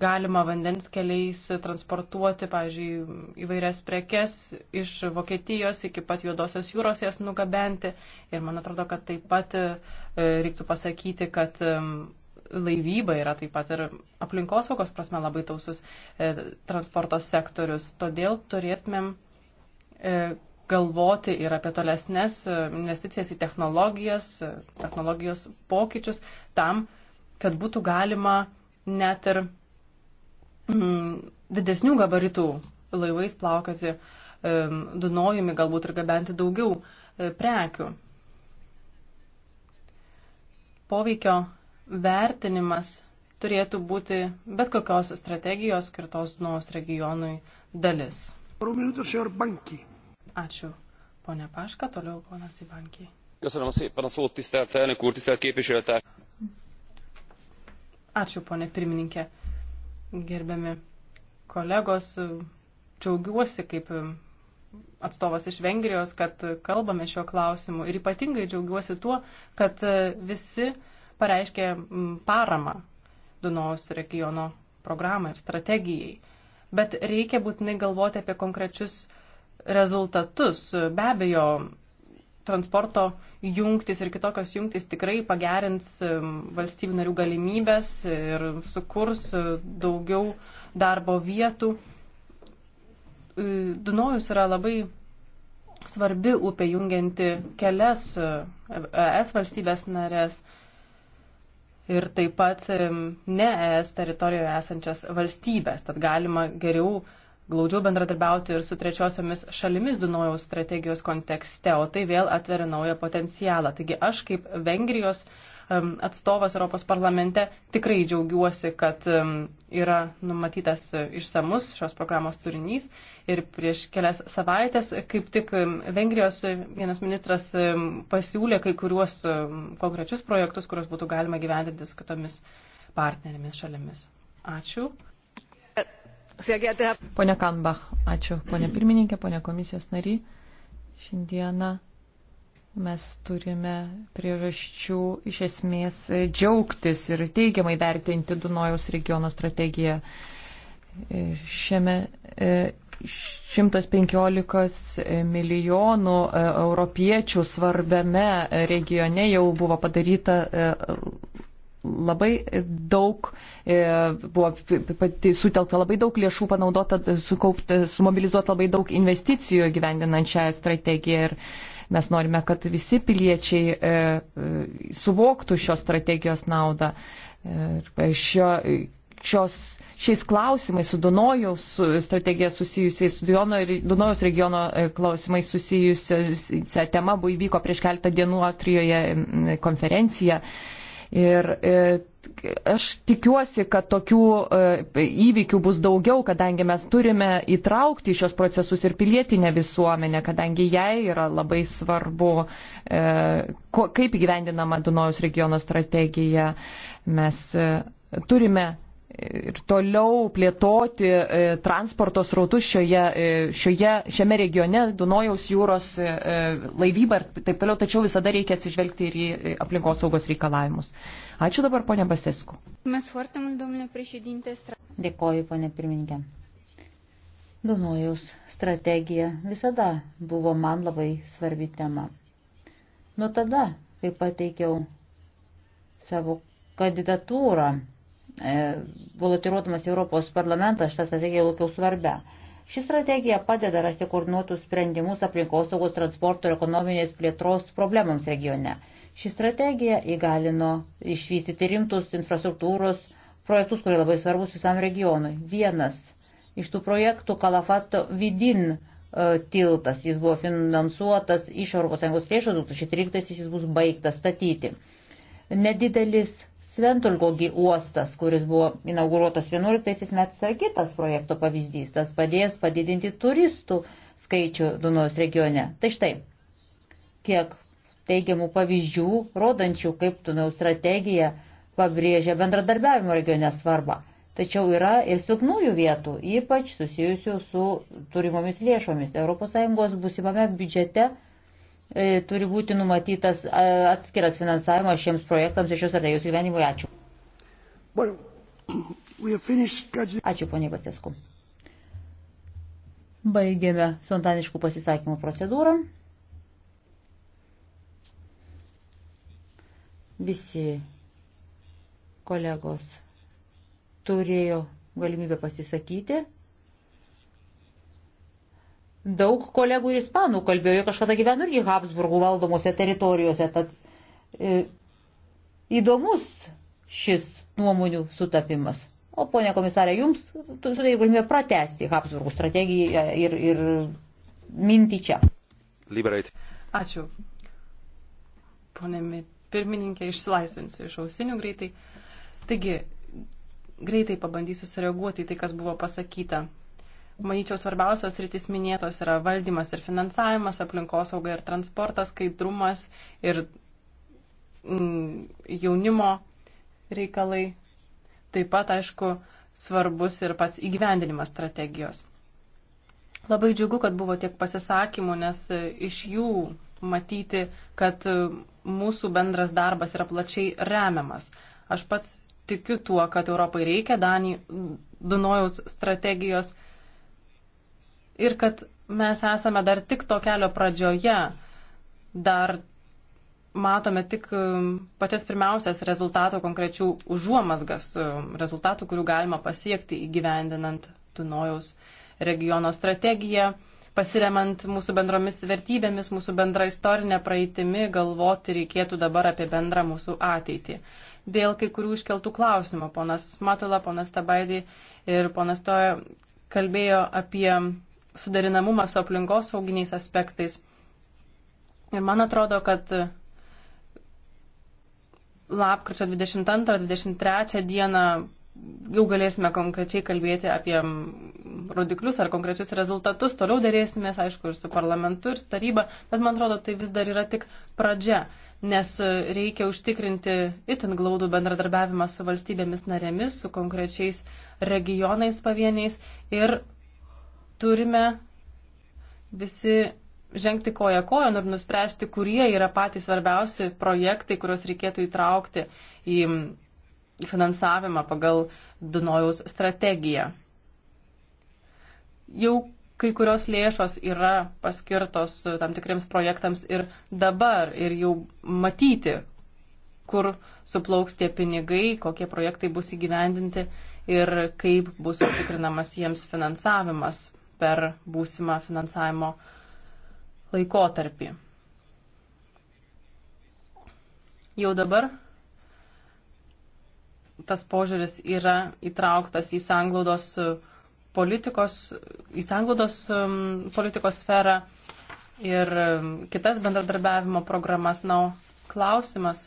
Galima vandens keliais transportuoti, pavyzdžiui, įvairias prekes iš Vokietijos iki pat Juodosios jūros jas nugabenti. Ir man atrodo, kad taip pat e, reiktų pasakyti, kad laivyba yra taip pat ir aplinkosaugos prasme labai tausus e, transporto sektorius. Todėl turėtumėm e, galvoti ir apie tolesnes e, investicijas į technologijas, e, technologijos pokyčius tam, kad būtų galima net ir mm, didesnių gabaritų laivais plaukoti mm, e, Dunojumi, galbūt ir gabenti daugiau e, prekių. Poveikio vertinimas turėtų būti bet kokios strategijos skirtos Dunojaus regionui dalis. Por un minuto, señor Banqui. Ačiū. Pone Paška, toliau ponas Ivankiai. Köszönöm szépen a szót, tisztelt elnök úr, tisztelt képviselőtár. Ačiū, ponė pirmininkė. Gerbiami kolegos, džiaugiuosi kaip atstovas iš Vengrijos, kad kalbame šiuo klausimu ir ypatingai džiaugiuosi tuo, kad visi pareiškė paramą Dunaus regiono programai ir strategijai. Bet reikia būtinai galvoti apie konkrečius rezultatus. Be abejo, transporto jungtis ir kitokios jungtis tikrai pagerins um, valstybių narių galimybės ir sukurs uh, daugiau darbo vietų. Uh, Dunojus yra labai svarbi upė jungianti kelias uh, ES valstybės narės ir taip pat um, ne ES teritorijoje esančias valstybės. Tad galima geriau glaudžiau bendradarbiauti ir su trečiosiomis šalimis Dunojaus strategijos kontekste, o tai vėl atveria naują potencialą. Taigi aš kaip Vengrijos atstovas Europos parlamente tikrai džiaugiuosi, kad yra numatytas išsamus šios programos turinys ir prieš kelias savaitės kaip tik Vengrijos vienas ministras pasiūlė kai kuriuos konkrečius projektus, kuriuos būtų galima gyvendinti su kitomis partnerėmis šalimis. Ačiū. Pone Kambach, ačiū. Pone pirmininkė, pone komisijos nary. Šiandieną mes turime priežasčių iš esmės džiaugtis ir teigiamai vertinti Dunojaus regiono strategiją. Šiame 115 e, milijonų e, europiečių svarbiame regione jau buvo padaryta e, labai daug e, buvo pati sutelkta labai daug lėšų panaudota, sukaupta, sumobilizuota labai daug investicijų gyvendinant šią strategiją ir mes norime, kad visi piliečiai e, e, suvoktų šios strategijos naudą. Ir šio, šios, šiais klausimais su Dunojaus strategija susijusiais, su Dunojaus regiono klausimais susijusia tema buvo įvyko prieš keletą dienų Austrijoje konferencija. Ir e, aš tikiuosi, kad tokių e, įvykių bus daugiau, kadangi mes turime įtraukti šios procesus ir pilietinę visuomenę, kadangi jai yra labai svarbu, e, kaip įgyvendinama Dunojaus regiono strategija. Mes turime ir toliau plėtoti e, transporto srautus šioje, e, šioje, šiame regione, Dunojaus jūros e, laivybą ir taip toliau, tačiau visada reikia atsižvelgti ir į aplinkos saugos reikalavimus. Ačiū dabar, ponė Basesku. Dėkoju, ponė pirmininkė. Dunojaus strategija visada buvo man labai svarbi tema. Nuo tada, kai pateikiau savo kandidatūrą E, Volatiruodamas Europos parlamentą šią strategiją laikiau svarbę. Ši strategija padeda rasti koordinuotus sprendimus aplinkosaugos, transporto ir ekonominės plėtros problemams regione. Ši strategija įgalino išvystyti rimtus infrastruktūros projektus, kurie labai svarbus visam regionui. Vienas iš tų projektų Kalafato vidin e, tiltas, jis buvo finansuotas iš ES lėšų, 2013 jis bus baigtas statyti. Nedidelis Sventulgogi uostas, kuris buvo inauguruotas 11 metais, yra kitas projekto pavyzdys, tas padės padidinti turistų skaičių Dunojus regione. Tai štai, kiek teigiamų pavyzdžių, rodančių, kaip Dunojus strategija pabrėžia bendradarbiavimo regione svarbą. Tačiau yra ir silpnųjų vietų, ypač susijusių su turimomis lėšomis. ES būsimame biudžete E, turi būti numatytas e, atskiras finansavimas šiems projektams ir šios strategijos gyvenimui. Ačiū. Ačiū, ponė Basesku. Baigėme spontaniškų pasisakymų procedūrą. Visi kolegos turėjo galimybę pasisakyti daug kolegų ir ispanų kalbėjo, jie kažkada gyveno irgi Habsburgų valdomose teritorijose, tad e, įdomus šis nuomonių sutapimas. O ponė komisarė, jums sudėjau galimybę pratesti Habsburgų strategiją ir, ir mintį čia. Liberait. Ačiū. Pone pirmininkė, išsilaisvinsiu iš ausinių greitai. Taigi, greitai pabandysiu sureaguoti į tai, kas buvo pasakyta Manyčiau, svarbiausios rytis minėtos yra valdymas ir finansavimas, aplinkosauga ir transportas, skaidrumas ir mm, jaunimo reikalai. Taip pat, aišku, svarbus ir pats įgyvendinimas strategijos. Labai džiugu, kad buvo tiek pasisakymų, nes e, iš jų matyti, kad e, mūsų bendras darbas yra plačiai remiamas. Aš pats tikiu tuo, kad Europai reikia Danijos Dunojaus strategijos ir kad mes esame dar tik to kelio pradžioje, dar matome tik um, pačias pirmiausias rezultato konkrečių užuomasgas, um, rezultatų, kurių galima pasiekti įgyvendinant Dunojaus regiono strategiją, pasiremant mūsų bendromis vertybėmis, mūsų bendra istorinė praeitimi, galvoti reikėtų dabar apie bendrą mūsų ateitį. Dėl kai kurių iškeltų klausimų, ponas Matula, ponas Tabaidai ir ponas Toja kalbėjo apie suderinamumą su aplinkos sauginiais aspektais. Ir man atrodo, kad lapkričio 22-23 dieną jau galėsime konkrečiai kalbėti apie rodiklius ar konkrečius rezultatus. Toliau dėrėsimės, aišku, ir su parlamentu, ir su taryba, bet man atrodo, tai vis dar yra tik pradžia, nes reikia užtikrinti itin glaudų bendradarbiavimą su valstybėmis narėmis, su konkrečiais regionais pavieniais ir turime visi žengti koja kojon ir nuspręsti, kurie yra patys svarbiausi projektai, kuriuos reikėtų įtraukti mm, į finansavimą pagal Dunojaus strategiją. Jau kai kurios lėšos yra paskirtos tam tikriems projektams ir dabar, ir jau matyti, kur suplauks tie pinigai, kokie projektai bus įgyvendinti ir kaip bus užtikrinamas jiems finansavimas per būsimą finansavimo laikotarpį. Jau dabar tas požiūris yra įtrauktas į sanglaudos politikos, į sanglaudos um, politikos sferą ir um, kitas bendradarbiavimo programas. Na, klausimas,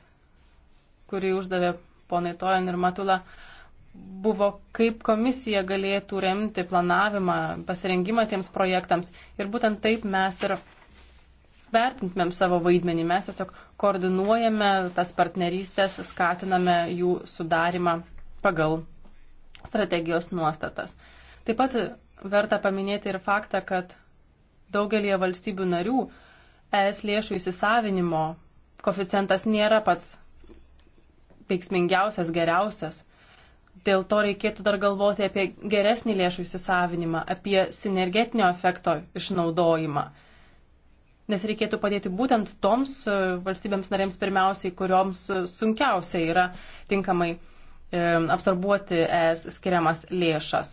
kurį uždavė ponai Tojan ir Matula, uh, buvo, kaip komisija galėtų remti planavimą, pasirengimą tiems projektams. Ir būtent taip mes ir vertintumėm savo vaidmenį. Mes tiesiog koordinuojame tas partnerystės, skatiname jų sudarimą pagal strategijos nuostatas. Taip pat verta paminėti ir faktą, kad daugelie valstybių narių ES lėšų įsisavinimo koficijantas nėra pats veiksmingiausias, geriausias. Dėl to reikėtų dar galvoti apie geresnį lėšų įsisavinimą, apie sinergetinio efekto išnaudojimą. Nes reikėtų padėti būtent toms e, valstybėms narėms pirmiausiai, kurioms e, sunkiausia yra tinkamai e, absorbuoti es skiriamas lėšas.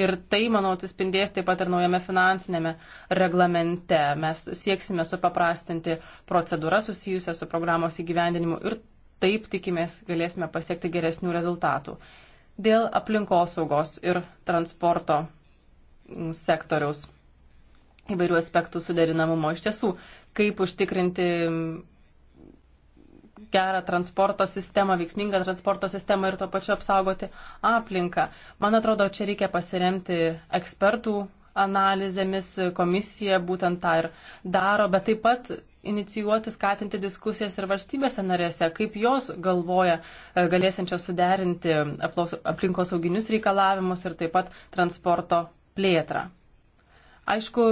Ir tai, manau, atsispindės taip pat ir naujame finansinėme reglamente. Mes sieksime supaprastinti procedūrą susijusią su programos įgyvendinimu ir taip tikimės galėsime pasiekti geresnių rezultatų. Dėl aplinkosaugos ir transporto mm, sektoriaus įvairių aspektų suderinamumo. Iš tiesų, kaip užtikrinti mm, gerą transporto sistemą, veiksmingą transporto sistemą ir tuo pačiu apsaugoti aplinką. Man atrodo, čia reikia pasiremti ekspertų analizėmis, komisija būtent tą ir daro, bet taip pat inicijuoti, skatinti diskusijas ir valstybėse narėse, kaip jos galvoja e, galėsiančios suderinti aplinkosauginius reikalavimus ir taip pat transporto plėtrą. Aišku,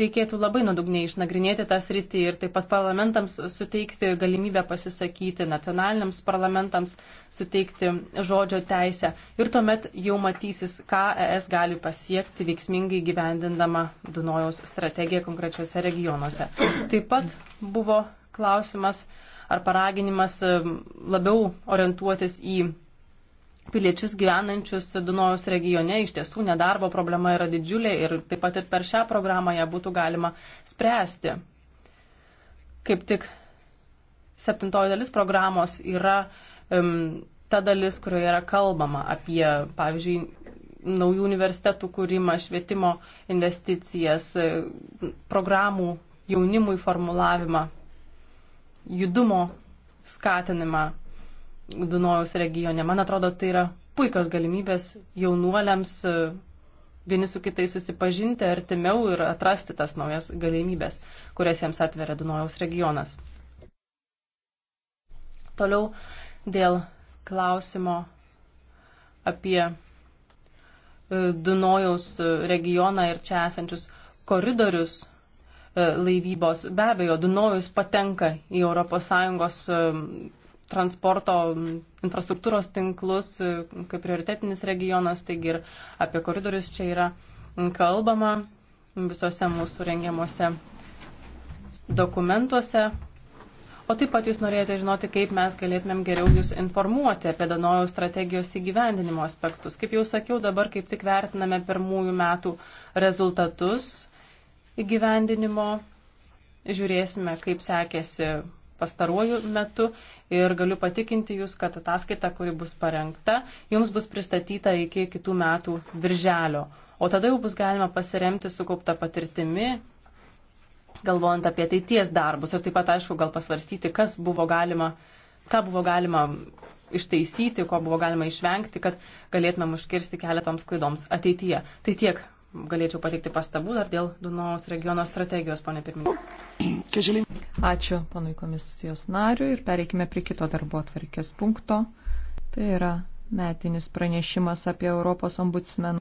reikėtų labai nuodugniai išnagrinėti tą sritį ir taip pat parlamentams suteikti galimybę pasisakyti, nacionaliniams parlamentams suteikti žodžio teisę. Ir tuomet jau matysis, ką ES gali pasiekti veiksmingai gyvendindama Dunojaus strategiją konkrečiuose regionuose. Taip pat buvo klausimas ar paraginimas e, labiau orientuotis į piliečius gyvenančius Dunojaus regione. Iš tiesų nedarbo problema yra didžiulė ir taip pat ir per šią programą ją būtų galima spręsti. Kaip tik septintoji dalis programos yra um, ta dalis, kurioje yra kalbama apie, pavyzdžiui, naujų universitetų kūrimą, švietimo investicijas, e, programų jaunimui formulavimą, judumo skatinimą Dunojaus regione. Man atrodo, tai yra puikios galimybės jaunuoliams e, vieni su kitais susipažinti artimiau ir atrasti tas naujas galimybės, kurias jiems atveria Dunojaus regionas. Toliau dėl klausimo apie e, Dunojaus regioną ir čia esančius koridorius e, laivybos. Be abejo, Dunojus patenka į ES transporto infrastruktūros tinklus e, kaip prioritetinis regionas, taigi ir apie koridorius čia yra kalbama visose mūsų rengiamuose dokumentuose. O taip pat jūs norėjote žinoti, kaip mes galėtumėm geriau jūs informuoti apie Danojaus strategijos įgyvendinimo aspektus. Kaip jau sakiau, dabar kaip tik vertiname pirmųjų metų rezultatus įgyvendinimo, žiūrėsime, kaip sekėsi pastaruoju metu ir galiu patikinti Jūs, kad ataskaita, kuri bus parengta, Jums bus pristatyta iki kitų metų virželio. O tada jau bus galima pasiremti sukauptą patirtimi, galvojant apie ateities darbus ir taip pat, aišku, gal pasvarstyti, kas buvo galima, ką buvo galima ištaisyti, ko buvo galima išvengti, kad galėtumėm užkirsti keletoms klaidoms ateityje. Tai tiek galėčiau pateikti pastabų dar dėl Dunaus regiono strategijos, ponė pirmininkė. Ačiū panui komisijos nariui ir pereikime prie kito darbo atvarkės punkto. Tai yra metinis pranešimas apie Europos ombudsmeną.